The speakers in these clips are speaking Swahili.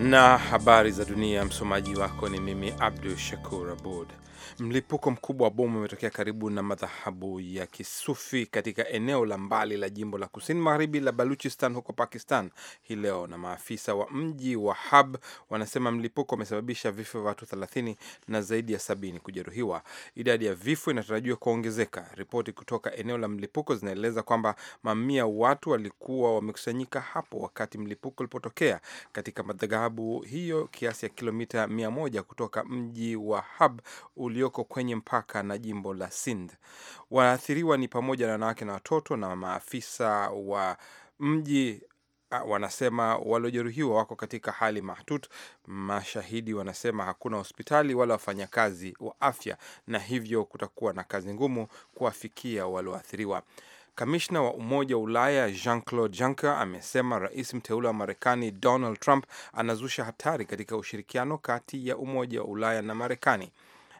na habari za dunia. Msomaji wako ni mimi Abdu Shakur Abud. Mlipuko mkubwa wa bomu umetokea karibu na madhahabu ya Kisufi katika eneo la mbali la jimbo la kusini magharibi la Baluchistan huko Pakistan hii leo, na maafisa wa mji wa Hab wanasema mlipuko umesababisha vifo vya watu 30 na zaidi ya sabini kujeruhiwa. Idadi ya vifo inatarajiwa kuongezeka. Ripoti kutoka eneo la mlipuko zinaeleza kwamba mamia watu walikuwa wamekusanyika hapo wakati mlipuko ulipotokea katika madhahabu klabu hiyo kiasi ya kilomita 100 kutoka mji wa Hub ulioko kwenye mpaka na jimbo la Sindh. Waathiriwa ni pamoja na wanawake na watoto, na maafisa wa mji wanasema waliojeruhiwa wako katika hali mahtut Mashahidi wanasema hakuna hospitali wala wafanyakazi wa afya, na hivyo kutakuwa na kazi ngumu kuwafikia walioathiriwa. Kamishna wa Umoja wa Ulaya Jean Claude Juncker amesema rais mteule wa Marekani Donald Trump anazusha hatari katika ushirikiano kati ya Umoja wa Ulaya na Marekani.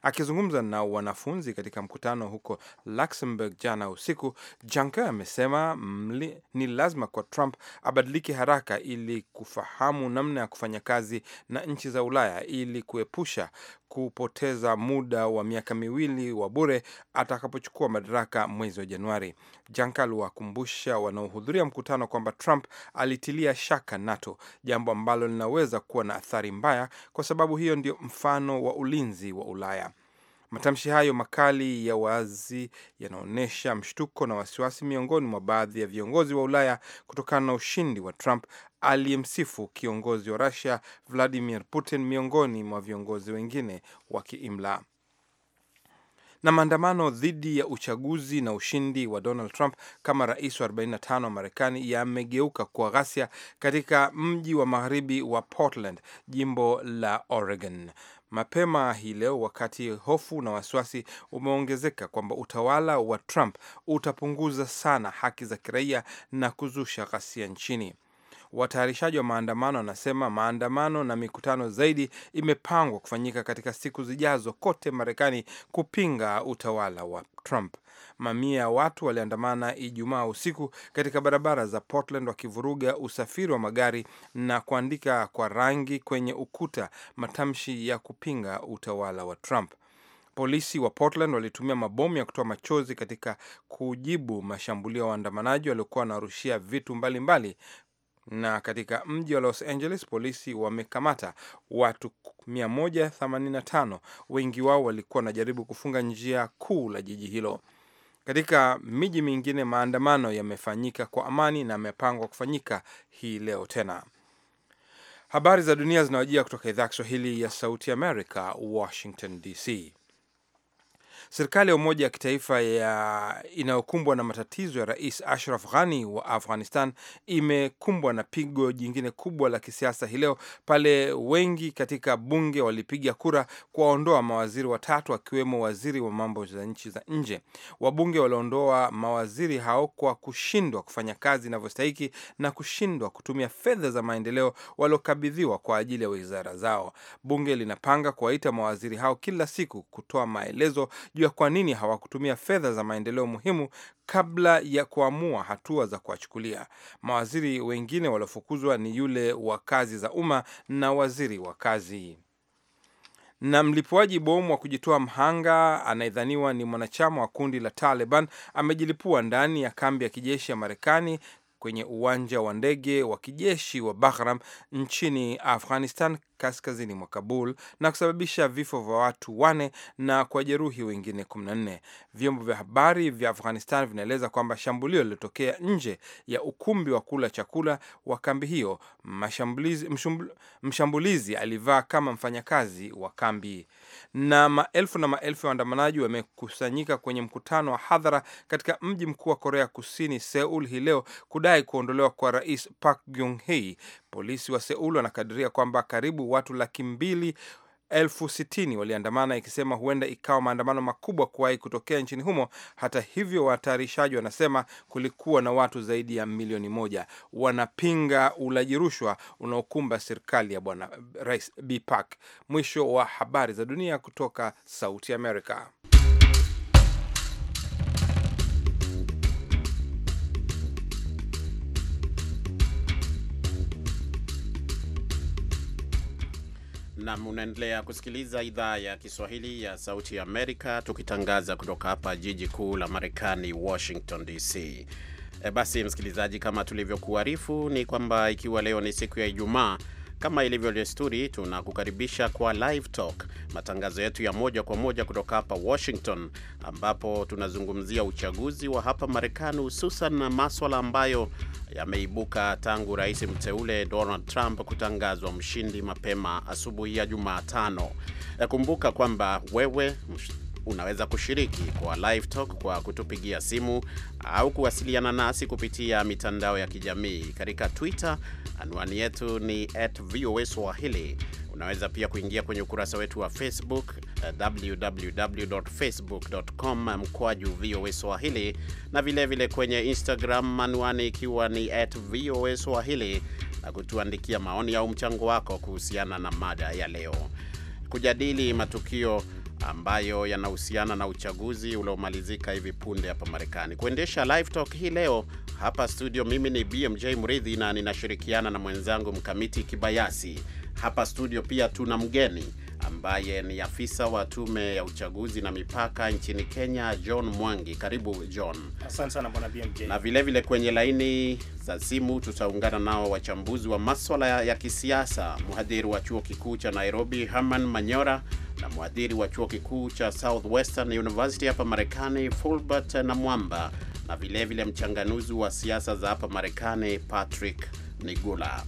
Akizungumza na wanafunzi katika mkutano huko Luxembourg jana usiku, Juncker amesema ni lazima kwa Trump abadilike haraka ili kufahamu namna ya kufanya kazi na nchi za Ulaya ili kuepusha kupoteza muda wa miaka miwili wa bure atakapochukua madaraka mwezi wa Januari. Janka aliwakumbusha wanaohudhuria mkutano kwamba Trump alitilia shaka NATO, jambo ambalo linaweza kuwa na athari mbaya, kwa sababu hiyo ndio mfano wa ulinzi wa Ulaya. Matamshi hayo makali ya wazi yanaonyesha mshtuko na wasiwasi miongoni mwa baadhi ya viongozi wa Ulaya kutokana na ushindi wa Trump aliyemsifu kiongozi wa Russia Vladimir Putin miongoni mwa viongozi wengine wa kiimla. Na maandamano dhidi ya uchaguzi na ushindi wa Donald Trump kama rais wa 45 wa Marekani yamegeuka kuwa ghasia katika mji wa magharibi wa Portland, jimbo la Oregon mapema hii leo wakati hofu na wasiwasi umeongezeka kwamba utawala wa Trump utapunguza sana haki za kiraia na kuzusha ghasia nchini. Watayarishaji wa maandamano wanasema maandamano na mikutano zaidi imepangwa kufanyika katika siku zijazo kote Marekani kupinga utawala wa Trump. Mamia ya watu waliandamana Ijumaa usiku katika barabara za Portland wakivuruga usafiri wa magari na kuandika kwa rangi kwenye ukuta matamshi ya kupinga utawala wa Trump. Polisi wa Portland walitumia mabomu ya kutoa machozi katika kujibu mashambulio ya waandamanaji waliokuwa wanarushia vitu mbalimbali mbali na katika mji wa Los Angeles polisi wamekamata watu 185, wengi wao walikuwa wanajaribu kufunga njia kuu la jiji hilo. Katika miji mingine maandamano yamefanyika kwa amani na yamepangwa kufanyika hii leo tena. Habari za dunia zinawajia kutoka idhaa ya Kiswahili ya Sauti Amerika, Washington DC. Serikali ya umoja ya kitaifa ya inayokumbwa na matatizo ya Rais Ashraf Ghani wa Afghanistan imekumbwa na pigo jingine kubwa la kisiasa hii leo pale wengi katika bunge walipiga kura kuwaondoa mawaziri watatu akiwemo waziri wa mambo za nchi za nje. Wabunge waliondoa mawaziri hao kwa kushindwa kufanya kazi inavyostahiki na kushindwa kutumia fedha za maendeleo waliokabidhiwa kwa ajili ya wizara zao. Bunge linapanga kuwaita mawaziri hao kila siku kutoa maelezo juu ya kwa nini hawakutumia fedha za maendeleo muhimu kabla ya kuamua hatua za kuwachukulia. Mawaziri wengine waliofukuzwa ni yule wa kazi za umma na waziri wa kazi na mlipuaji bomu wa kujitoa mhanga anayedhaniwa ni mwanachama wa kundi la Taliban amejilipua ndani ya kambi ya kijeshi ya Marekani kwenye uwanja wa ndege wa kijeshi wa Bahram nchini Afghanistan kaskazini mwa Kabul na kusababisha vifo vya watu wane na jeruhi wengine nne. Vyombo vya habari vya Afghanistan vinaeleza kwamba shambulio lilitokea nje ya ukumbi wa kula chakula wa kambi hiyo, mshambulizi alivaa kama mfanyakazi wa kambi. Na maelfu na maelfu ya waandamanaji wamekusanyika kwenye mkutano wa hadhara katika mji mkuu wa Korea Kusini, Seul, hii leo kudai kuondolewa kwa rais Park Geun-hye. Polisi wa Seul wanakadiria kwamba karibu watu laki mbili elfu sitini waliandamana ikisema huenda ikawa maandamano makubwa kuwahi kutokea nchini humo. Hata hivyo, watayarishaji wanasema kulikuwa na watu zaidi ya milioni moja wanapinga ulaji rushwa unaokumba serikali ya bwana rais bpak Park. Mwisho wa habari za dunia kutoka Sauti Amerika. Nam, unaendelea kusikiliza idhaa ya Kiswahili ya Sauti ya Amerika, tukitangaza kutoka hapa jiji kuu la Marekani, Washington DC. E, basi msikilizaji, kama tulivyokuarifu ni kwamba ikiwa leo ni siku ya Ijumaa kama ilivyo desturi, tunakukaribisha kwa Live Talk, matangazo yetu ya moja kwa moja kutoka hapa Washington, ambapo tunazungumzia uchaguzi wa hapa Marekani, hususan na maswala ambayo yameibuka tangu rais mteule Donald Trump kutangazwa mshindi mapema asubuhi ya Jumatano. Kumbuka kwamba wewe unaweza kushiriki kwa live talk kwa kutupigia simu au kuwasiliana nasi kupitia mitandao ya kijamii katika Twitter. Anwani yetu ni at VOA Swahili. Unaweza pia kuingia kwenye ukurasa wetu wa Facebook www.facebook.com mkwaju VOA Swahili na vilevile vile kwenye Instagram anwani ikiwa ni at VOA Swahili na kutuandikia maoni au mchango wako kuhusiana na mada ya leo. Kujadili matukio ambayo yanahusiana na uchaguzi uliomalizika hivi punde hapa Marekani. Kuendesha live talk hii leo hapa studio, mimi ni BMJ Mridhi na ninashirikiana na mwenzangu Mkamiti Kibayasi. Hapa studio pia tuna mgeni ambaye ni afisa wa tume ya uchaguzi na mipaka nchini Kenya, John Mwangi. Karibu John. Asante sana bwana BMJ. Na vilevile vile kwenye laini za simu tutaungana nao wachambuzi wa maswala ya kisiasa, mhadhiri wa chuo kikuu cha Nairobi Herman Manyora na mwadhiri wa chuo kikuu cha Southwestern University hapa Marekani, Fulbert Namwamba, na vilevile vile mchanganuzi wa siasa za hapa Marekani, Patrick Nigula.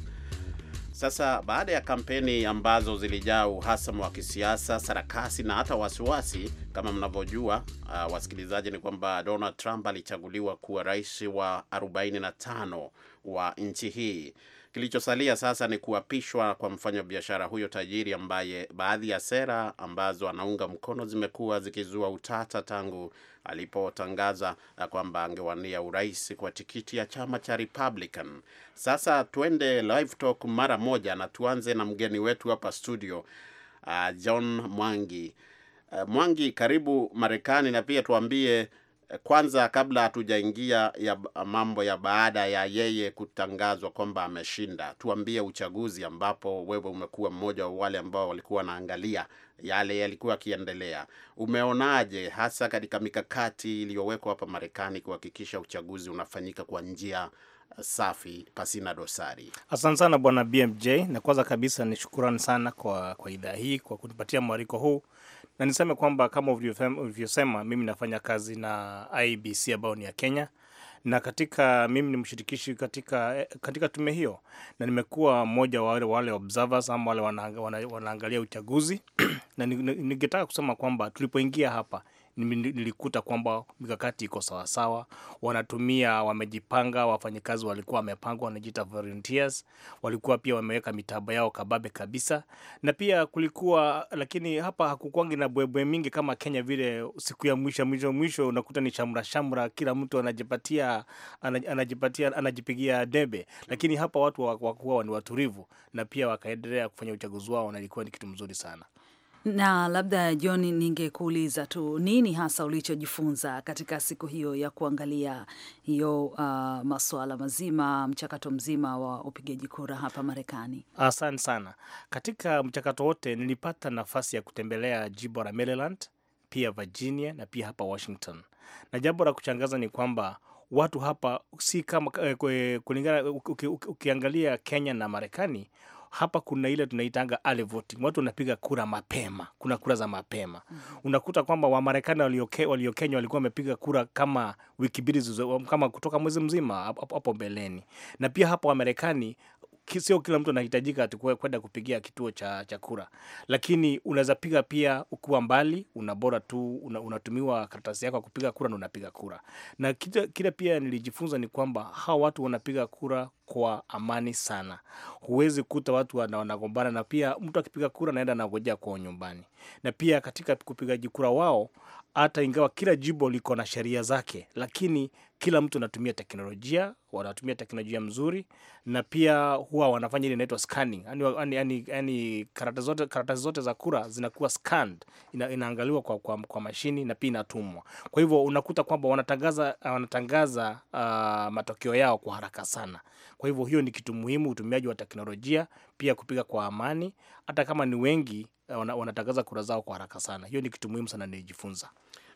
Sasa baada ya kampeni ambazo zilijaa uhasama wa kisiasa, sarakasi na hata wasiwasi, kama mnavyojua uh, wasikilizaji, ni kwamba Donald Trump alichaguliwa kuwa rais wa 45 wa nchi hii. Kilichosalia sasa ni kuapishwa kwa mfanyabiashara huyo tajiri, ambaye baadhi ya sera ambazo anaunga mkono zimekuwa zikizua utata tangu alipotangaza kwamba angewania urais kwa tikiti ya chama cha Republican. Sasa tuende live talk mara moja na tuanze na mgeni wetu hapa studio, uh, John Mwangi. Uh, Mwangi, karibu Marekani, na pia tuambie Eh, kwanza kabla hatujaingia ya mambo ya baada ya yeye kutangazwa kwamba ameshinda, tuambie uchaguzi ambapo wewe umekuwa mmoja wa wale ambao walikuwa wanaangalia yale yalikuwa akiendelea umeonaje hasa katika mikakati iliyowekwa hapa Marekani kuhakikisha uchaguzi unafanyika kwa njia eh, safi pasina dosari. Asante sana bwana BMJ, na kwanza kabisa ni shukurani sana kwa, kwa idhaa hii kwa kutupatia mwariko huu na niseme kwamba kama ulivyosema, mimi nafanya kazi na IBC ambayo ni ya Kenya na katika mimi ni mshirikishi katika, katika tume hiyo, na nimekuwa mmoja wa wale observers ama wale wanaangalia uchaguzi na ningetaka kusema kwamba tulipoingia hapa nilikuta kwamba mikakati iko sawasawa, wanatumia wamejipanga, wafanyikazi walikuwa wamepangwa, wanajiita volunteers, walikuwa pia wameweka mitaba yao kababe kabisa, na pia kulikuwa lakini, hapa hakukwangi na bwebwe mingi kama Kenya vile. Siku ya mwisho mwisho mwisho unakuta ni shamra shamra, kila mtu anajipatia anajipatia anajipigia debe, lakini hapa watu wakuwa ni watulivu, na pia wakaendelea kufanya uchaguzi wao, na ilikuwa ni kitu mzuri sana. Na labda John, ningekuuliza tu nini hasa ulichojifunza katika siku hiyo ya kuangalia hiyo uh, masuala mazima, mchakato mzima wa upigaji kura hapa Marekani? Asante sana. Katika mchakato wote nilipata nafasi ya kutembelea jimbo la Maryland, pia Virginia na pia hapa Washington, na jambo la kuchangaza ni kwamba watu hapa si kama eh, kulingana, ukiangalia Kenya na Marekani hapa kuna ile tunaitanga early voting, watu wanapiga kura mapema, kuna kura za mapema mm. Unakuta kwamba Wamarekani walioke, waliokenya walikuwa wamepiga kura kama wiki mbili kama kutoka mwezi mzima hapo mbeleni, na pia hapa Wamarekani sio kila mtu anahitajika kwenda kupigia kituo cha, cha kura, lakini unaweza piga pia ukiwa mbali, una bora tu una, unatumiwa karatasi yako ya kupiga kura na unapiga kura. Na kile pia nilijifunza ni kwamba hawa watu wanapiga kura kwa amani sana. Huwezi kuta watu wanagombana, na pia mtu akipiga kura anaenda anangojea kwao nyumbani. Na pia katika kupigaji kura wao, hata ingawa kila jimbo liko na sheria zake, lakini kila mtu anatumia teknolojia, wanatumia teknolojia mzuri, na pia huwa wanafanya ile inaitwa scanning, yani yaani yani yani karatasi zote, karatasi zote za kura zinakuwa scanned, ina, inaangaliwa kwa, kwa, kwa mashini na pia inatumwa. Kwa hivyo unakuta kwamba wanatangaza wanatangaza uh, matokeo yao kwa haraka sana. Kwa hivyo hiyo ni kitu muhimu, utumiaji wa teknolojia pia kupiga kwa amani, hata kama ni wengi eh, wanatangaza kura zao kwa haraka sana. Hiyo ni kitu muhimu sana nilijifunza.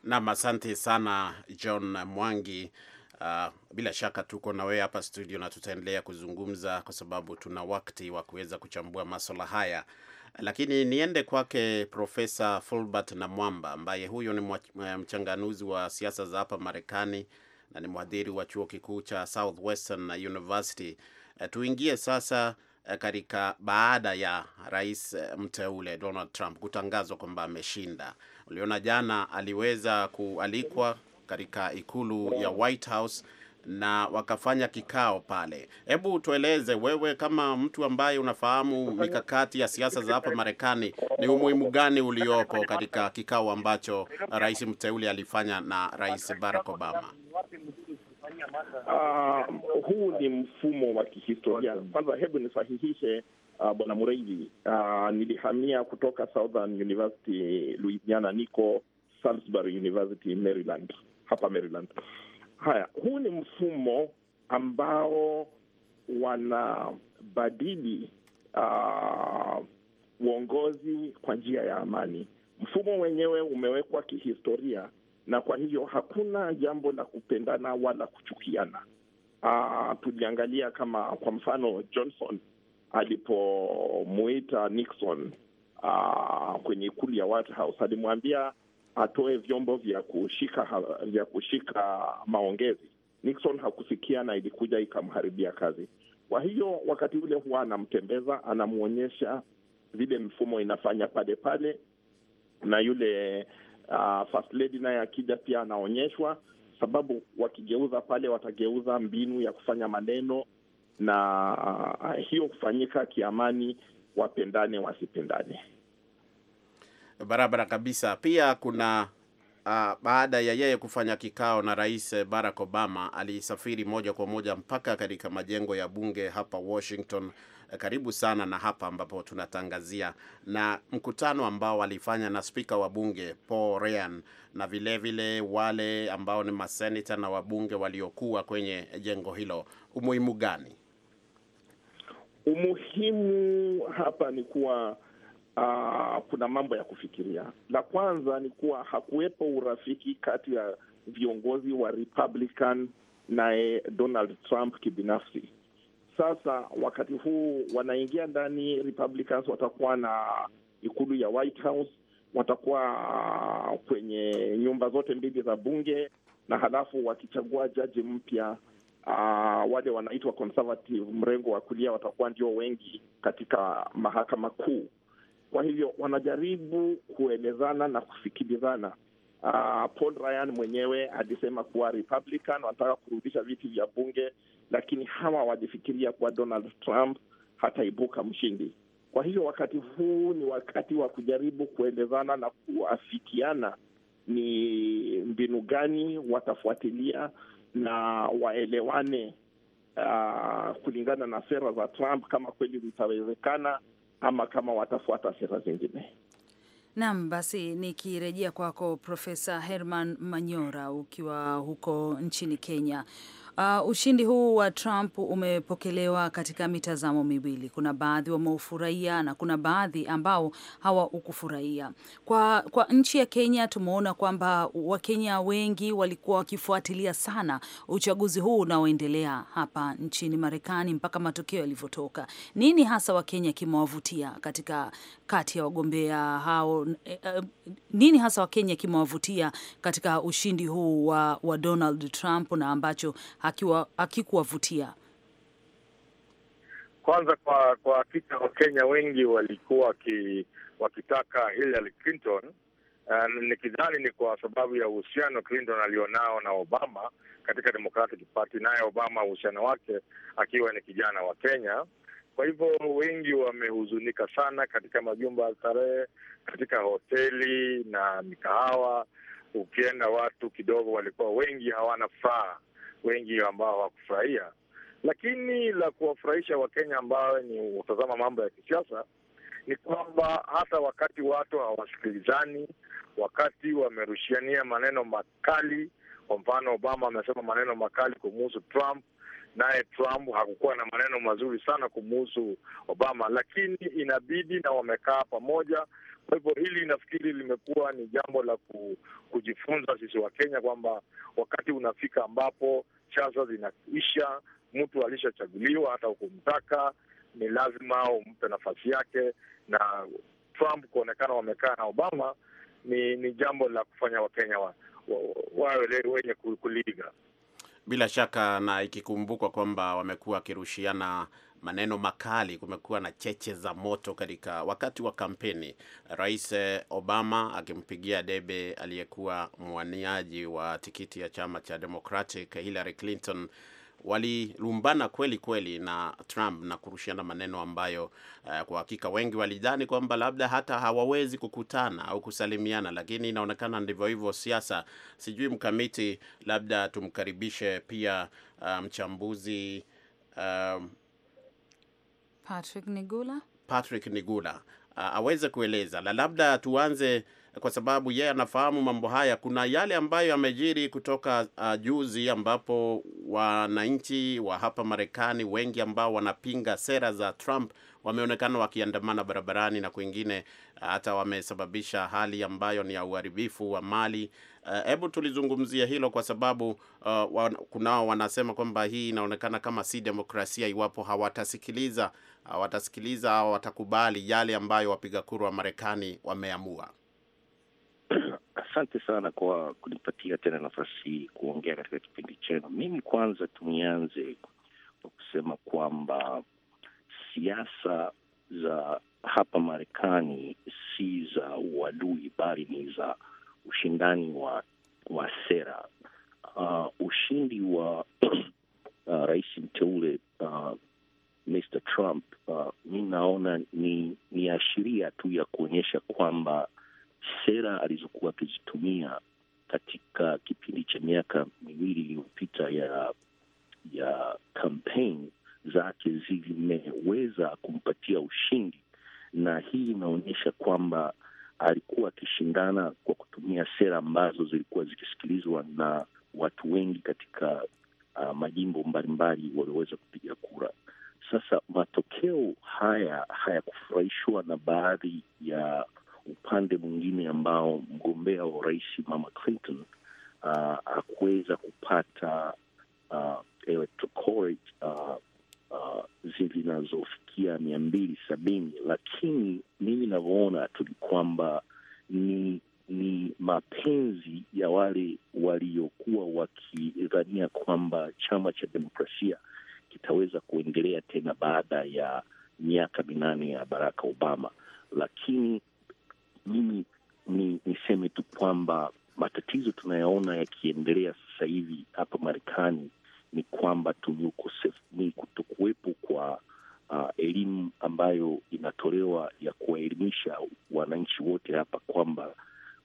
Nam, asante sana John Mwangi. Uh, bila shaka tuko na wewe hapa studio na tutaendelea kuzungumza kwa sababu tuna wakati wa kuweza kuchambua maswala haya, lakini niende kwake Profesa Fulbert Namwamba ambaye huyo ni eh, mchanganuzi wa siasa za hapa Marekani na ni mwadhiri wa chuo kikuu cha Southwestern University. Eh, tuingie sasa eh, katika baada ya rais eh, mteule Donald Trump kutangazwa kwamba ameshinda. Uliona jana aliweza kualikwa katika ikulu ya White House na wakafanya kikao pale. Hebu tueleze wewe, kama mtu ambaye unafahamu mikakati ya siasa za hapa Marekani, ni umuhimu gani uliopo katika kikao ambacho rais mteule alifanya na rais Barack Obama? Uh, huu ni mfumo wa kihistoria. Kwanza hebu nisahihishe uh, bwana Mureithi. Uh, nilihamia kutoka Southern University Louisiana, niko Salisbury University Maryland, hapa Maryland. Haya, huu ni mfumo ambao wanabadili uh, uongozi kwa njia ya amani. Mfumo wenyewe umewekwa kihistoria na kwa hivyo hakuna jambo la kupendana wala kuchukiana. Aa, ah, tuliangalia kama kwa mfano Johnson alipomuita Nixon ah, kwenye ikulu ya White House alimwambia atoe vyombo vya kushika vya kushika maongezi. Nixon hakusikia na ilikuja ikamharibia kazi. Kwa hiyo wakati ule huwa anamtembeza, anamwonyesha vile mfumo inafanya pale pale, na yule uh, first lady naye akija pia anaonyeshwa, sababu wakigeuza pale watageuza mbinu ya kufanya maneno na uh, hiyo kufanyika kiamani, wapendane wasipendane, barabara kabisa. Pia kuna Uh, baada ya yeye kufanya kikao na Rais Barack Obama, alisafiri moja kwa moja mpaka katika majengo ya bunge hapa Washington karibu sana na hapa ambapo tunatangazia, na mkutano ambao walifanya na spika wa bunge Paul Ryan na vilevile vile wale ambao ni maseneta na wabunge waliokuwa kwenye jengo hilo, umuhimu gani? Umuhimu hapa ni kuwa Uh, kuna mambo ya kufikiria. La kwanza ni kuwa hakuwepo urafiki kati ya viongozi wa Republican naye Donald Trump kibinafsi. Sasa wakati huu wanaingia ndani, Republicans watakuwa na ikulu ya White House, watakuwa kwenye nyumba zote mbili za bunge, na halafu wakichagua jaji mpya Uh, wale wanaitwa conservative mrengo wa kulia watakuwa ndio wengi katika mahakama kuu. Kwa hivyo wanajaribu kuelezana na kusikilizana. Uh, Paul Ryan mwenyewe alisema kuwa Republican wanataka kurudisha viti vya bunge lakini hawa walifikiria kuwa Donald Trump hataibuka mshindi. Kwa hivyo wakati huu ni wakati wa kujaribu kuelezana na kuafikiana ni mbinu gani watafuatilia na waelewane, uh, kulingana na sera za Trump, kama kweli zitawezekana ama kama watafuata sera zingine. Naam, basi nikirejea kwako Profesa Herman Manyora, ukiwa huko nchini Kenya Uh, ushindi huu wa Trump umepokelewa katika mitazamo miwili. Kuna baadhi wameufurahia na kuna baadhi ambao hawakufurahia. Kwa, kwa nchi ya Kenya tumeona kwamba Wakenya wengi walikuwa wakifuatilia sana uchaguzi huu unaoendelea hapa nchini Marekani mpaka matokeo yalivyotoka. Nini hasa Wakenya kimewavutia katika kati ya wagombea hao? Uh, nini hasa Wakenya kimewavutia katika ushindi huu wa, wa Donald Trump na ambacho hakikuwavutia? Kwanza kwa kwa hakika Wakenya wengi walikuwa ki, wakitaka Hillary Clinton. Uh, nikidhani ni kwa sababu ya uhusiano Clinton alionao na Obama katika Democratic Party, naye Obama uhusiano wake akiwa ni kijana wa Kenya. Kwa hivyo wengi wamehuzunika sana katika majumba ya starehe, katika hoteli na mikahawa. Ukienda watu kidogo walikuwa wengi hawana furaha wengi ambao hawakufurahia, lakini la kuwafurahisha Wakenya ambao ni utazama mambo ya kisiasa ni kwamba hata wakati watu hawasikilizani, wakati wamerushiania maneno makali, kwa mfano Obama amesema maneno makali kumuhusu Trump, naye Trump hakukuwa na maneno mazuri sana kumuhusu Obama, lakini inabidi na wamekaa pamoja kwa hivyo hili nafikiri limekuwa ni jambo la kujifunza sisi wa Kenya kwamba wakati unafika ambapo siasa zinaisha, mtu alishachaguliwa, hata ukumtaka ni lazima umpe nafasi yake. Na Trump kuonekana wamekaa na Obama ni ni jambo la kufanya Wakenya wawe wa, wa, wenye kuliga bila shaka na ikikumbukwa kwamba wamekuwa wakirushiana maneno makali, kumekuwa na cheche za moto katika wakati wa kampeni, Rais eh, Obama akimpigia debe aliyekuwa mwaniaji wa tikiti ya chama cha Democratic Hillary Clinton. Walilumbana kweli kweli na Trump na kurushiana maneno ambayo uh, kwa hakika wengi walidhani kwamba labda hata hawawezi kukutana au kusalimiana, lakini inaonekana ndivyo hivyo siasa. Sijui mkamiti, labda tumkaribishe pia eh, mchambuzi Patrick Nigula, Patrick Nigula aweze kueleza na labda tuanze kwa sababu yeye yeah, anafahamu mambo haya. Kuna yale ambayo yamejiri kutoka uh, juzi ambapo wananchi wa hapa Marekani wengi ambao wanapinga sera za Trump wameonekana wakiandamana barabarani na kwingine, eh, hata wamesababisha hali ambayo ni ya uharibifu wa mali. Eh, hebu uh, tulizungumzia hilo kwa sababu uh, wan, kunao wanasema kwamba hii inaonekana kama si demokrasia iwapo hawatasikiliza hawatasikiliza au watakubali yale ambayo wapiga kura wa Marekani wameamua. Asante sana kwa kunipatia tena nafasi hii kuongea katika kipindi chenu. Mimi kwanza tunianze kwa kusema kwamba siasa za hapa Marekani si za uadui, bali ni za ushindani wa, wa sera. Uh, ushindi wa uh, rais mteule uh, Mr Trump uh, mi naona ni, ni ashiria tu ya kuonyesha kwamba sera alizokuwa akizitumia katika kipindi cha miaka miwili iliyopita ya ya campaign zake zimeweza kumpatia ushindi, na hii inaonyesha kwamba alikuwa akishindana kwa kutumia sera ambazo zilikuwa zikisikilizwa na watu wengi katika uh, majimbo mbalimbali walioweza kupiga kura. Sasa matokeo haya hayakufurahishwa na baadhi ya upande mwingine ambao mgombea wa urais Mama Clinton hakuweza uh, kupata uh, electoral uh, uh, zinazofikia mia mbili sabini, lakini mimi navyoona tu ni kwamba ni ni mapenzi ya wale waliokuwa wakidhania kwamba chama cha demokrasia kitaweza kuendelea tena baada ya miaka minane ya Barack Obama. Lakini mimi ni niseme tu kwamba matatizo tunayaona yakiendelea sasa hivi hapa Marekani ni kwamba ni kutokuwepo kwa uh, elimu ambayo inatolewa ya kuwaelimisha wananchi wote hapa kwamba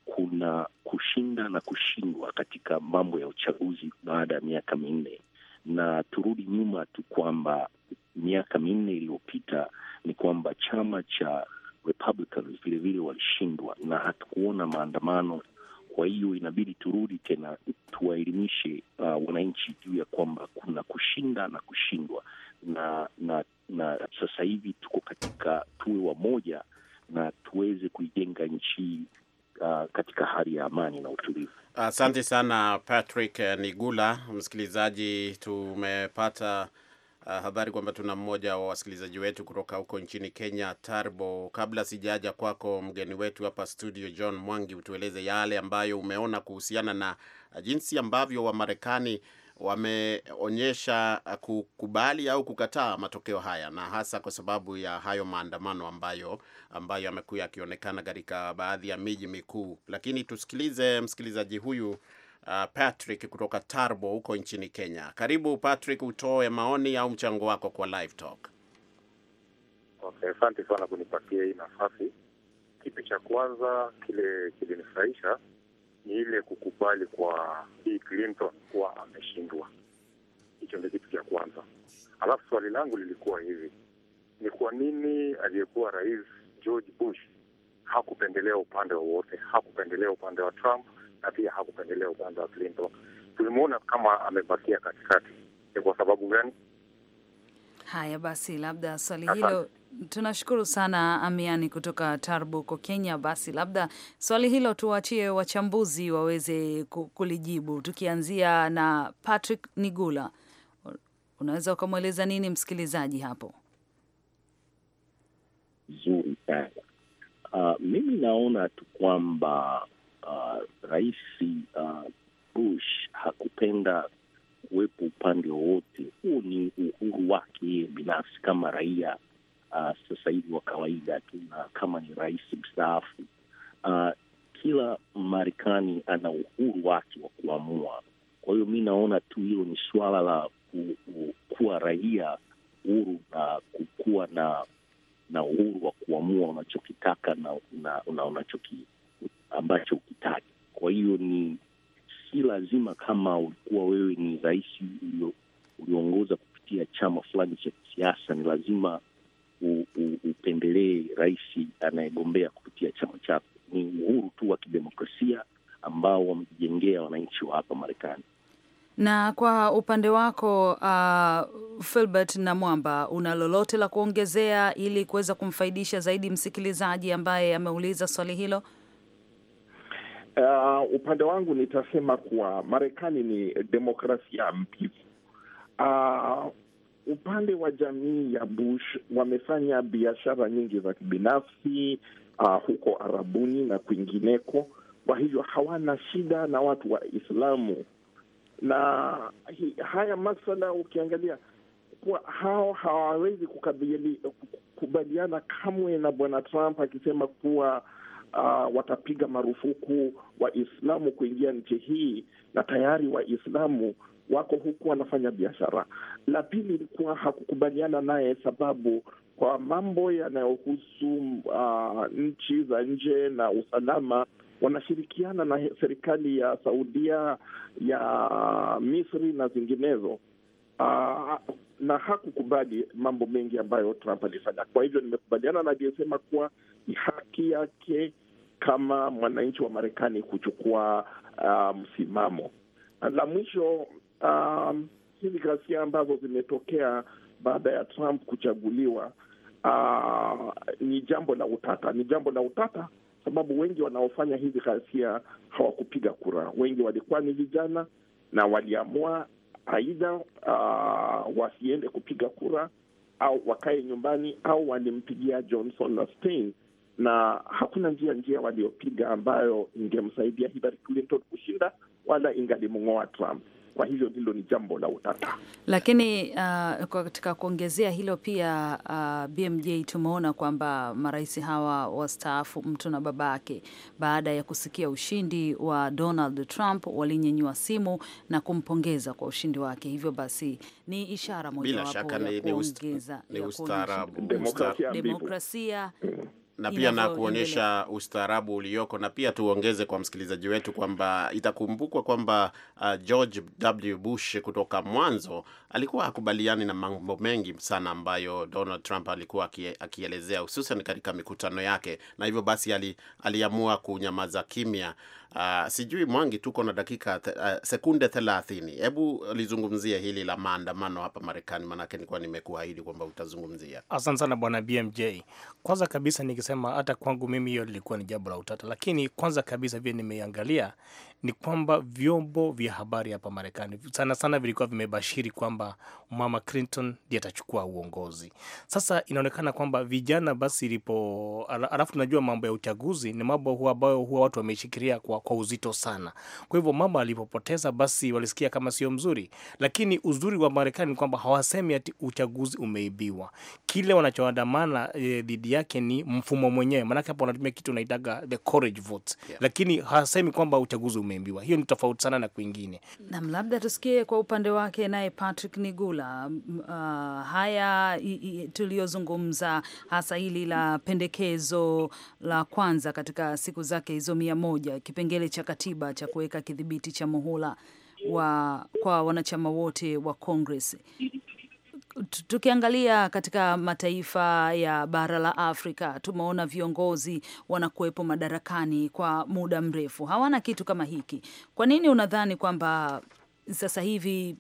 kuna kushinda na kushindwa katika mambo ya uchaguzi baada ya miaka minne, na turudi nyuma tu kwamba miaka minne iliyopita ni kwamba chama cha Republicans vilevile walishindwa na hatukuona maandamano kwa hiyo inabidi turudi tena tuwaelimishe uh, wananchi juu ya kwamba kuna kushinda na kushindwa, na na na sasa hivi tuko katika, tuwe wamoja na tuweze kuijenga nchi uh, katika hali ya amani na utulivu. Asante sana Patrick Nigula. Msikilizaji, tumepata uh, habari kwamba tuna mmoja wa wasikilizaji wetu kutoka huko nchini Kenya, Tarbo. Kabla sijaja kwako mgeni wetu hapa studio, John Mwangi, utueleze yale ambayo umeona kuhusiana na jinsi ambavyo Wamarekani wameonyesha kukubali au kukataa matokeo haya na hasa kwa sababu ya hayo maandamano ambayo ambayo yamekuwa yakionekana katika baadhi ya miji mikuu. Lakini tusikilize msikilizaji huyu Ah, Patrick kutoka Tarbo huko nchini Kenya. Karibu Patrick, utoe maoni au mchango wako kwa live talk. Okay, asante sana kunipatia hii nafasi. Kitu cha kwanza kile kilinifurahisha ni ile kukubali kwa hii Clinton kuwa ameshindwa. Hicho ndio kitu cha kwanza. Alafu swali langu lilikuwa hivi, ni kwa nini aliyekuwa rais George Bush hakupendelea upande wowote, hakupendelea upande wa Trump, na pia hakupendelea upande wa Clinton. Tulimuona kama amebakia katikati. Ni kwa sababu gani? Haya basi, labda swali hilo tunashukuru sana Amiani kutoka Tarbuko, Kenya. Basi labda swali hilo tuwachie wachambuzi waweze kulijibu, tukianzia na Patrick Nigula. Unaweza ukamweleza nini msikilizaji hapo? Zuri sana. Uh, mimi naona tu kwamba uh, rais uh, Bush hakupenda kuwepo upande wowote. huu ni uhuru wake binafsi kama raia uh, sasa hivi wa kawaida tu, na kama ni rais mstaafu uh, kila Marekani ana uhuru wake wa kuamua. Kwa hiyo mi naona tu hilo ni suala la ku, ku, kuwa raia huru na kukuwa na na uhuru wa kuamua unachokitaka na, na, ambacho ukitaja. Kwa hiyo ni si lazima kama ulikuwa wewe ni rais ulioongoza kupitia chama fulani cha kisiasa, ni lazima u, u, upendelee rais anayegombea kupitia chama chako. Ni uhuru tu wa kidemokrasia ambao wamejijengea wananchi wa hapa Marekani. Na kwa upande wako uh, Filbert na Mwamba, una lolote la kuongezea ili kuweza kumfaidisha zaidi msikilizaji ambaye ameuliza swali hilo? Uh, upande wangu nitasema kuwa Marekani ni demokrasia mbivu. Uh, upande wa jamii ya Bush wamefanya biashara nyingi za kibinafsi uh, huko Arabuni na kwingineko. Kwa hivyo hawana shida na watu wa Islamu na hi, haya masala ukiangalia kuwa hao hawawezi kukubaliana kamwe na Bwana Trump akisema kuwa uh, watapiga marufuku Waislamu kuingia nchi hii, na tayari Waislamu wako huku wanafanya biashara. La pili ilikuwa hakukubaliana naye sababu kwa mambo yanayohusu uh, nchi za nje na usalama wanashirikiana na serikali ya Saudia ya Misri na zinginezo. Uh, na hakukubali mambo mengi ambayo Trump alifanya. Kwa hivyo nimekubaliana na aliyesema kuwa ni haki yake kama mwananchi wa Marekani kuchukua uh, msimamo. Um, la mwisho, um, hizi ghasia ambazo zimetokea baada ya Trump kuchaguliwa uh, ni jambo la utata, ni jambo la utata sababu wengi wanaofanya hizi ghasia hawakupiga kura, wengi walikuwa ni vijana na waliamua aidha uh, wasiende kupiga kura au wakae nyumbani au walimpigia Johnson na Stein, na hakuna njia njia waliopiga ambayo ingemsaidia Hillary Clinton kushinda wala ingalimng'oa Trump. Kwa hivyo hilo ni jambo la utata, lakini uh, katika kuongezea hilo pia uh, BMJ tumeona kwamba marais hawa wastaafu mtu na babake, baada ya kusikia ushindi wa Donald Trump, walinyenyua simu na kumpongeza kwa ushindi wake. Hivyo basi ni ishara mojawapo ya kuongeza demokrasia, demokrasia mm na pia na kuonyesha ustaarabu ulioko, na pia tuongeze kwa msikilizaji wetu kwamba itakumbukwa kwamba uh, George W. Bush kutoka mwanzo alikuwa hakubaliani na mambo mengi sana ambayo Donald Trump alikuwa akielezea, hususan katika mikutano yake, na hivyo basi ali, aliamua kunyamaza kimya Uh, sijui Mwangi, tuko na dakika uh, sekunde thelathini. Hebu lizungumzia hili la maandamano hapa Marekani, maanake nilikuwa nimekuahidi kwamba utazungumzia. Asante sana bwana BMJ. Kwanza kabisa nikisema hata kwangu mimi hiyo lilikuwa ni jambo la utata, lakini kwanza kabisa vile nimeangalia ni kwamba vyombo vya habari hapa Marekani sana sana vilikuwa vimebashiri kwamba mama Clinton ndiye atachukua uongozi. Sasa inaonekana kwamba vijana basi ilipo, alafu tunajua mambo ya uchaguzi ni mambo ambayo huwa watu wameshikilia kwa, kwa uzito sana. Kwa hivyo mama alipopoteza basi walisikia kama sio mzuri, lakini uzuri wa Marekani ni kwamba hawasemi ati uchaguzi umeibiwa. Kile wanachoandamana e, dhidi yake ni mfumo mwenyewe, maanake hapo wanatumia kitu unaitaga the courage vote, yeah. Lakini hawasemi kwamba uchaguzi umeibiwa umeambiwa. Hiyo ni tofauti sana na kwingine. Naam, labda tusikie kwa upande wake naye Patrick Nigula. Uh, haya tuliyozungumza hasa hili la pendekezo la kwanza katika siku zake hizo mia moja kipengele cha katiba cha kuweka kidhibiti cha muhula wa kwa wanachama wote wa Congress tukiangalia katika mataifa ya bara la Afrika tumeona viongozi wanakuwepo madarakani kwa muda mrefu, hawana kitu kama hiki. Kwa nini unadhani kwamba sasa hivi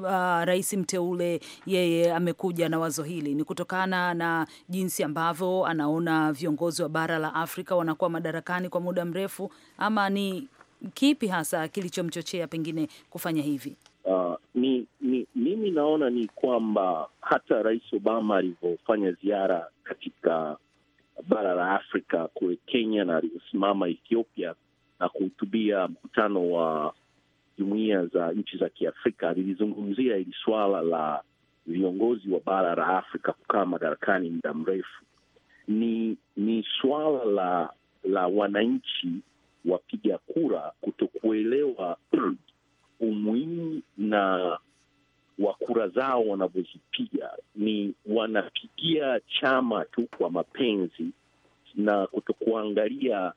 Uh, rais mteule yeye amekuja na wazo hili, ni kutokana na jinsi ambavyo anaona viongozi wa bara la Afrika wanakuwa madarakani kwa muda mrefu, ama ni kipi hasa kilichomchochea pengine kufanya hivi? Uh, ni, ni mimi naona ni kwamba hata Rais Obama alivyofanya ziara katika bara la Afrika kule Kenya na alivyosimama Ethiopia na kuhutubia mkutano wa jumuiya za nchi za Kiafrika lilizungumzia hili swala la viongozi wa bara la Afrika kukaa madarakani muda mrefu. Ni ni swala la la wananchi wapiga kura kutokuelewa umuhimu na wa kura zao wanavyozipiga ni wanapigia chama tu kwa mapenzi na kutokuangalia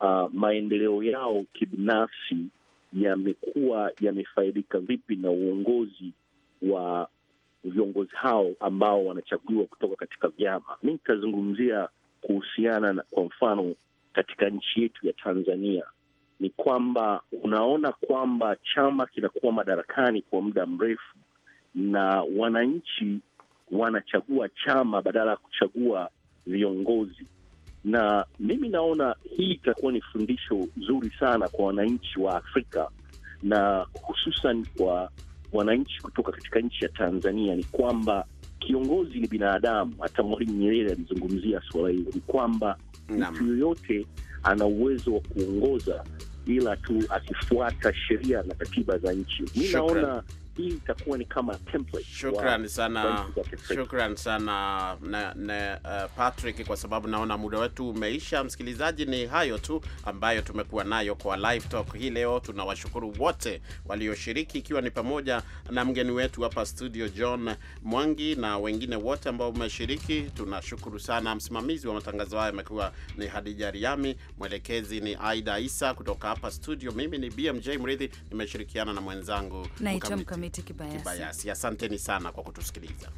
uh, maendeleo yao kibinafsi yamekuwa yamefaidika vipi na uongozi wa viongozi hao ambao wanachaguliwa kutoka katika vyama. Mi nitazungumzia kuhusiana na, kwa mfano katika nchi yetu ya Tanzania ni kwamba unaona kwamba chama kinakuwa madarakani kwa muda mrefu na wananchi wanachagua chama badala ya kuchagua viongozi, na mimi naona hii itakuwa ni fundisho zuri sana kwa wananchi wa Afrika na hususan kwa wananchi kutoka katika nchi ya Tanzania ni kwamba kiongozi ni binadamu. Hata Mwalimu Nyerere alizungumzia suala hilo, ni kwamba mtu yoyote ana uwezo wa kuongoza ila tu akifuata sheria na katiba za nchi. Mi naona hii itakuwa ni kama template. Shukrani sana, shukrani sana na, na, uh, Patrick, kwa sababu naona muda wetu umeisha. Msikilizaji, ni hayo tu ambayo tumekuwa nayo kwa live talk hii leo. Tunawashukuru wote walioshiriki, ikiwa ni pamoja na mgeni wetu hapa studio John Mwangi na wengine wote ambao umeshiriki Tunashukuru sana. Msimamizi wa matangazo haya amekuwa ni Hadija Riami, mwelekezi ni Aida Isa. Kutoka hapa studio, mimi ni BMJ Mridhi, nimeshirikiana na mwenzangu Mkamiti Kibayasi. Kibayasi, asanteni sana kwa kutusikiliza.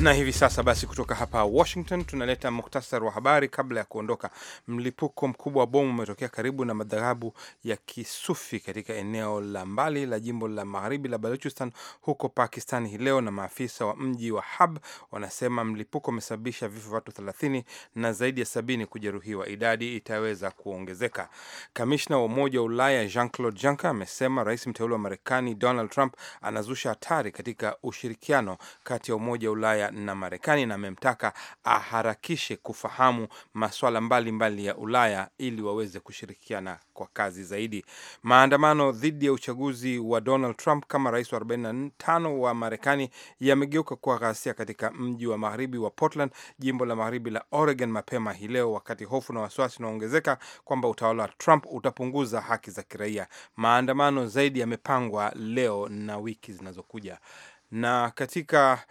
Na hivi sasa basi, kutoka hapa Washington tunaleta muktasari wa habari kabla ya kuondoka. Mlipuko mkubwa wa bomu umetokea karibu na madhahabu ya Kisufi katika eneo la mbali la jimbo la magharibi la Baluchistan huko Pakistan hii leo, na maafisa wa mji wa Hab wanasema mlipuko umesababisha vifo watu 30 na zaidi ya sabini kujeruhiwa. Idadi itaweza kuongezeka. Kamishna wa Umoja wa Ulaya Jean Claude Juncker amesema rais mteule wa Marekani Donald Trump anazusha hatari katika ushirikiano kati ya Umoja wa Ulaya na Marekani, na amemtaka aharakishe kufahamu masuala mbalimbali ya Ulaya ili waweze kushirikiana kwa kazi zaidi. Maandamano dhidi ya uchaguzi wa Donald Trump kama rais wa 45 wa Marekani yamegeuka kuwa ghasia katika mji wa magharibi wa Portland, jimbo la magharibi la Oregon, mapema hii leo, wakati hofu na wasiwasi unaongezeka kwamba utawala wa Trump utapunguza haki za kiraia. Maandamano zaidi yamepangwa leo na wiki zinazokuja. Na katika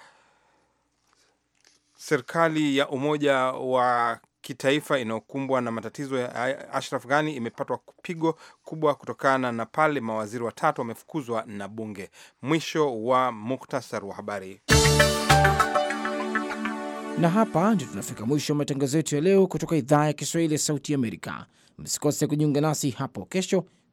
serikali ya umoja wa kitaifa inayokumbwa na matatizo ya Ashraf Ghani imepatwa pigo kubwa kutokana na pale mawaziri watatu wamefukuzwa na bunge. Mwisho wa muktasar wa habari, na hapa ndio tunafika mwisho wa matangazo yetu ya leo kutoka idhaa ya Kiswahili ya Sauti Amerika. Msikose kujiunga nasi hapo kesho